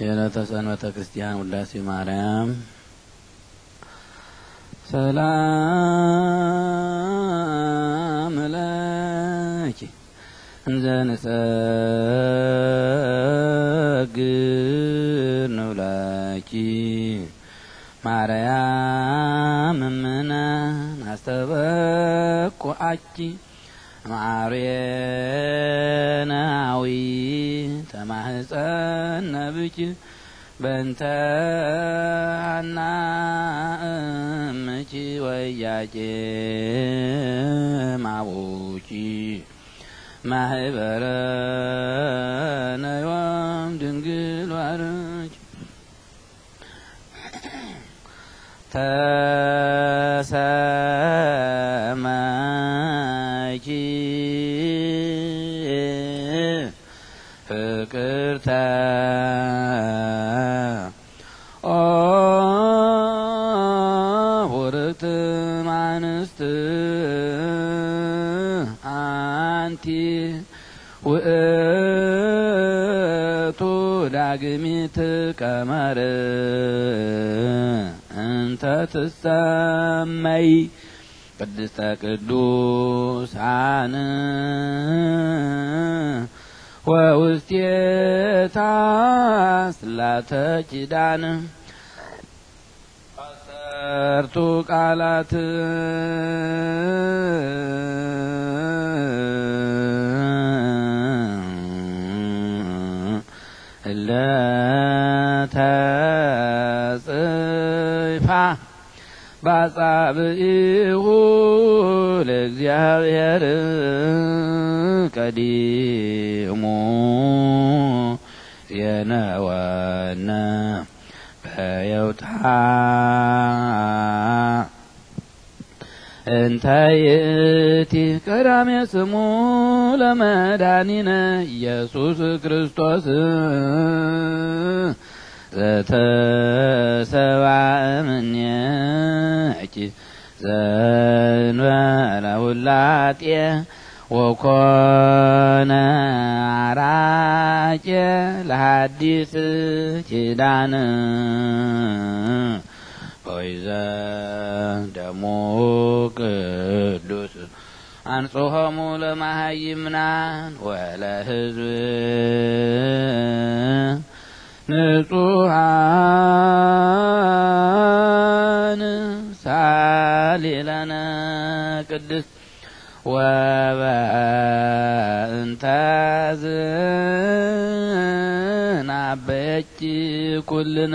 የዕለተ ሰንበተ ክርስቲያን ውዳሴ ማርያም ሰላም ለኪ እንዘንጸግድ ውላኪ ማርያም እምነ ናስተበኩአኪ ማርየ ልጅ በእንተ አና እምኪ ወያቄ ማቦኪ ማህበረ ነዮም ድንግል ባርኪ ተሰማኪ ፍቅርታ ተትሰመይ ቅድስተ ቅዱሳን ወውስቴታ ስላተ ኪዳን አሰርቱ ቃላት እለታ ባጻብኢሁ ለእግዚአብሔር ቀዲሙ የነወነ በየውታ እንታይቲ ቀዳሜ ስሙ ለመዳኒነ ኢየሱስ ክርስቶስ ዘተሰብአ እምኔኪ ዘእንበለ ውላጤ ወኮነ አራቄ ለሐዲስ ኪዳን ሆይዘ ደሙ ቅዱስ አንጽሖሙ ለመሃይምናን ወለሕዝብ ንጹሐን ሳሊላነ ቅድስት ወበእንተ ዝናበየኪ ኩልነ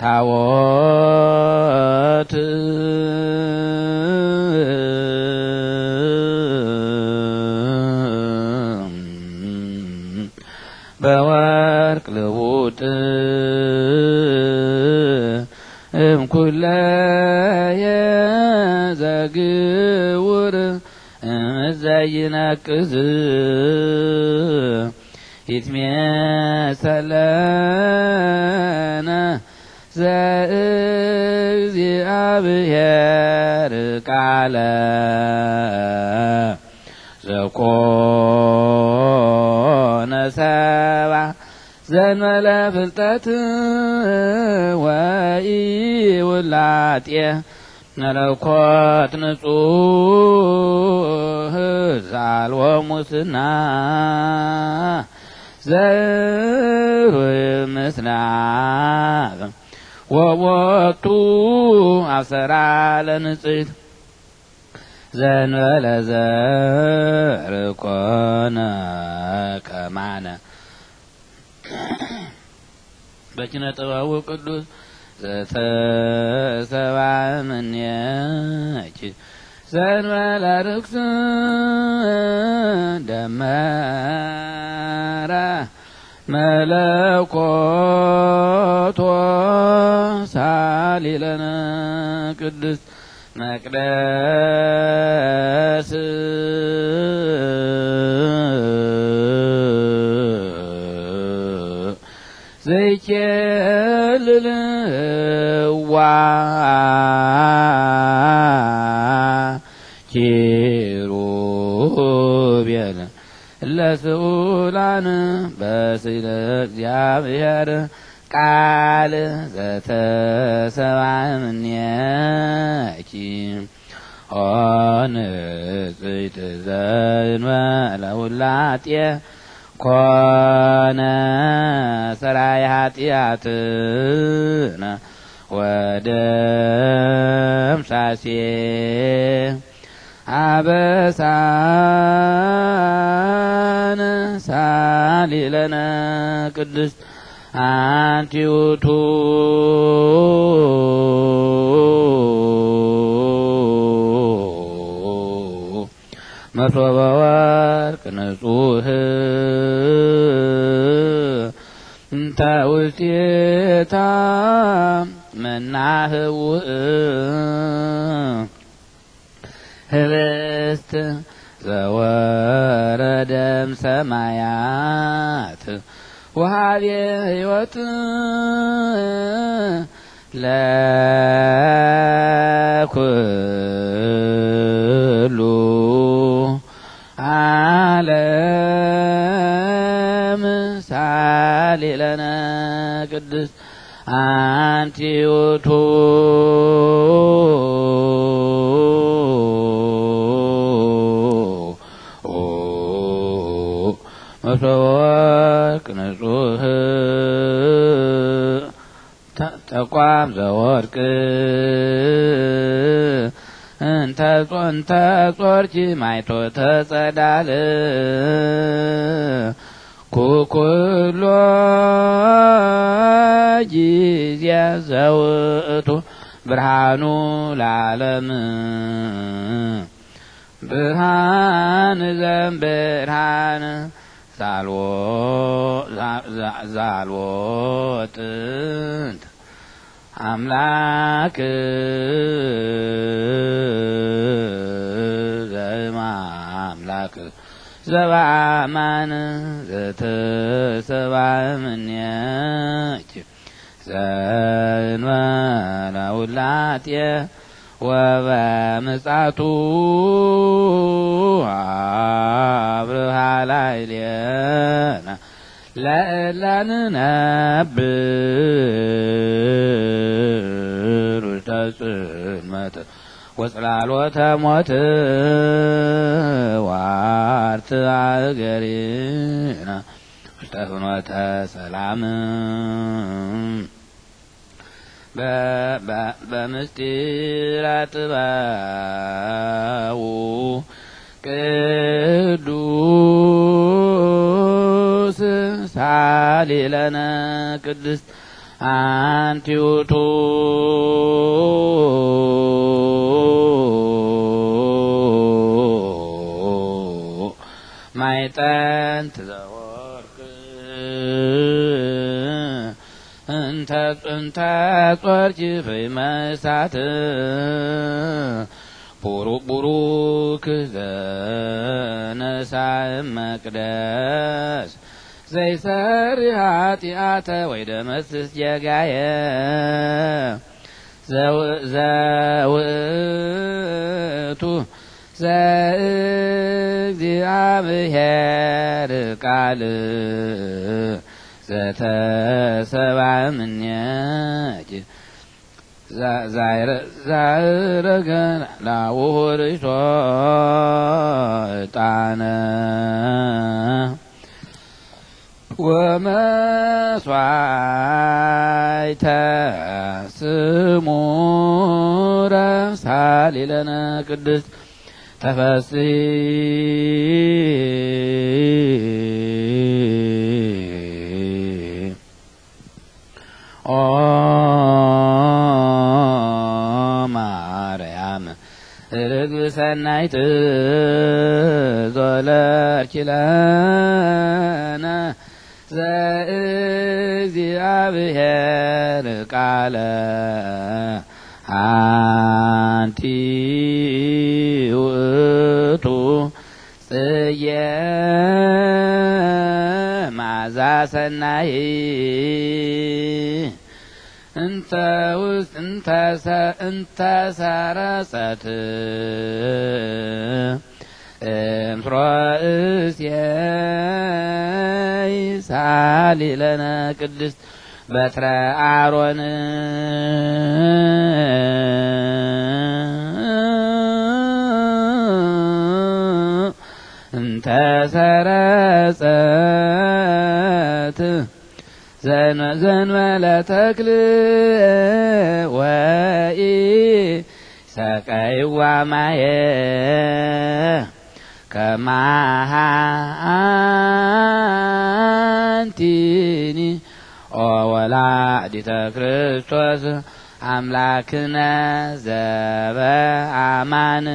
ታቦት በወርቅ ልቡጥ እምኩለ የዘግውር እምዘይነቅዝ ይትሜሰለነ ዘእግዚአብሔር ቃለ ዘኮነ ሰባ ዘንበለ ፍልጠት ወኢውላጤ መለኮት ንጹህ ዛልወ ሙስና ዘሩ ምስናብ ወሞቱ አሰራ ለንጽህት ዘንበለ ዘር ኮነ ከማነ በኪነ ጥበቡ ቅዱስ ዘተሰባ ምኔኪ ዘንበለ ርክስ ደመራ መለኮቶ ሳሊለነ ቅድስት መቅደስ ኪዳን በስለ እግዚአብሔር ቃል ዘተሰባምኔኪ ሆን ጽይትዘንበለ ውላጤ ኮነ ሰራይ ኃጢአትነ ወደም ሳሴ አበሳ ለነ ሳሊ ለነ ቅድስት አንቲ ውእቱ መሶበ ወርቅ ንጹህ እንተ ውስቴታ መናህው ህብስት ዘወ ደም ሰማያት ወሃቤ ሕይወት ለኩሉ ዓለም ሳሊ ለነ ቅድስ አንቲ መሶወርቅ ንጹህ ተቋም ዘወርቅ እንተ ማይቶ ተጸዳል ኩኩሎ ጊዜ ዘውእቱ ብርሃኑ ለዓለም ብርሃን ዘም ብርሃን ዛልወጥንት አምላክ ዘማ አምላክ ዘባማን ዘተሰባምንች ዘንበረ ወበምጻቱ አብርሃ ላዕሌነ ለእለንነብር ውስተ ጽልመት ወጽላሎተ ሞት ዋርት አገሪነ ውስተ ፍኖተ ሰላም በምስጢር አጥባው ቅዱስ ሳሌለነ ቅድስት አንቲዩቱ ማይጠንት ዘወርክ እንተ ጽንተ ጾርኪ ፍይመሳት ቡሩክ ቡሩክ ዘነሣእ መቅደስ ዘይሠርይ ኃጢአተ ደመስስ ጀጋየ ዘውእቱ ዘእግዚአብሔር ቃል ዘተሰብዓ ምንያጅ ዛይረገን ላውርሾ ጣነ ወመስዋይተ ስሙ ረምሳሌ ለነ ቅድስት ተፈሲ ሰናይት ዞለር ኪለነ ዘእግዚአብሔር ቃለ አንቲ ውእቱ ጽየ ማዛ ሰናይ እንተ ውስጥ እንተ ሰረጸት እምፍሮ እስየይ ቅድስት በትረ አሮን እንተ ሰረጸት ዘንበለ ተክል ወይ ሰቀይዋ ማየ ከማሃንቲኒ ወላዲተ ክርስቶስ አምላክነ ዘበአማን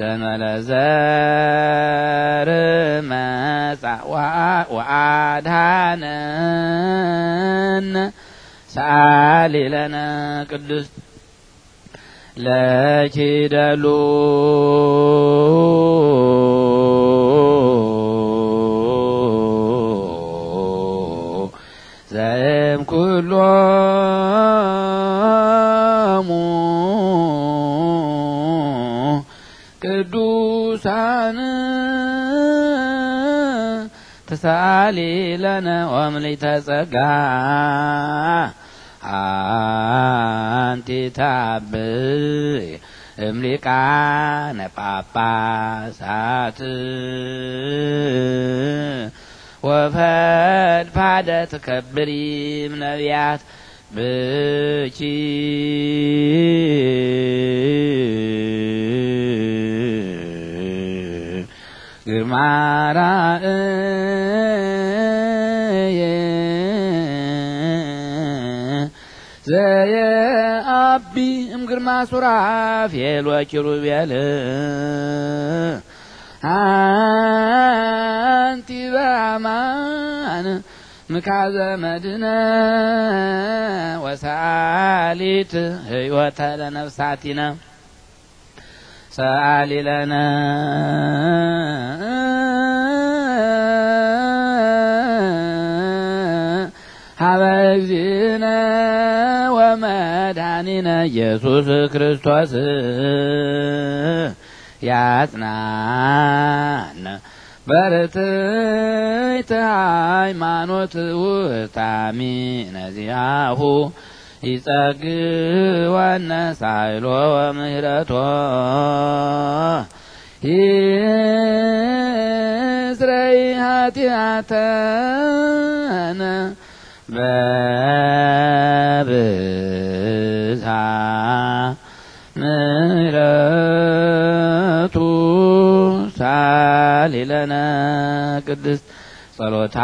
እስመለዘርእ መጽአ ወአድሃነን ሰአሊ ለነ ቅዱስ ለኪደሉ ሊለነ ወምሊተ ጸጋ አንቲ ታብይ እምሊቃነ ጳጳሳት ወፈድፋደ ትከብሪ ነቢያት ብኪ ግርማ ረቢ እምግርማ ሱራፌል ወኪሩቤል አንቲ በአማን ምካዘ መድነ ወሰአሊት ህይወተ ለነፍሳቲነ ሰአሊ ለነ መድኃኒነ ኢየሱስ ክርስቶስ ያጽናነ በርትዕተ ሃይማኖት ውስታሚ ነዚያሁ ይጸግብ ሳይሎ ምህረቶ ይስረይ ኃጢአተነ በብ ምሕረቱ ሳሊለነ ቅድስት ጸሎታ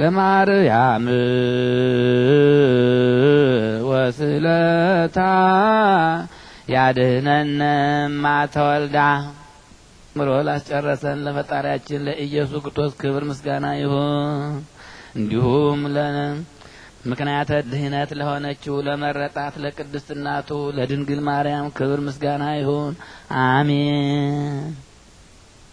ለማርያም ወስለታ ያድህነነ ማተወልዳ ምሮ ላስጨረሰን ለፈጣሪያችን ለኢየሱስ ክርስቶስ ክብር ምስጋና ይሁን። እንዲሁም ለን ምክንያተ ድህነት ለሆነችው ለመረጣት ለቅድስት እናቱ ለድንግል ማርያም ክብር ምስጋና ይሁን። አሜን።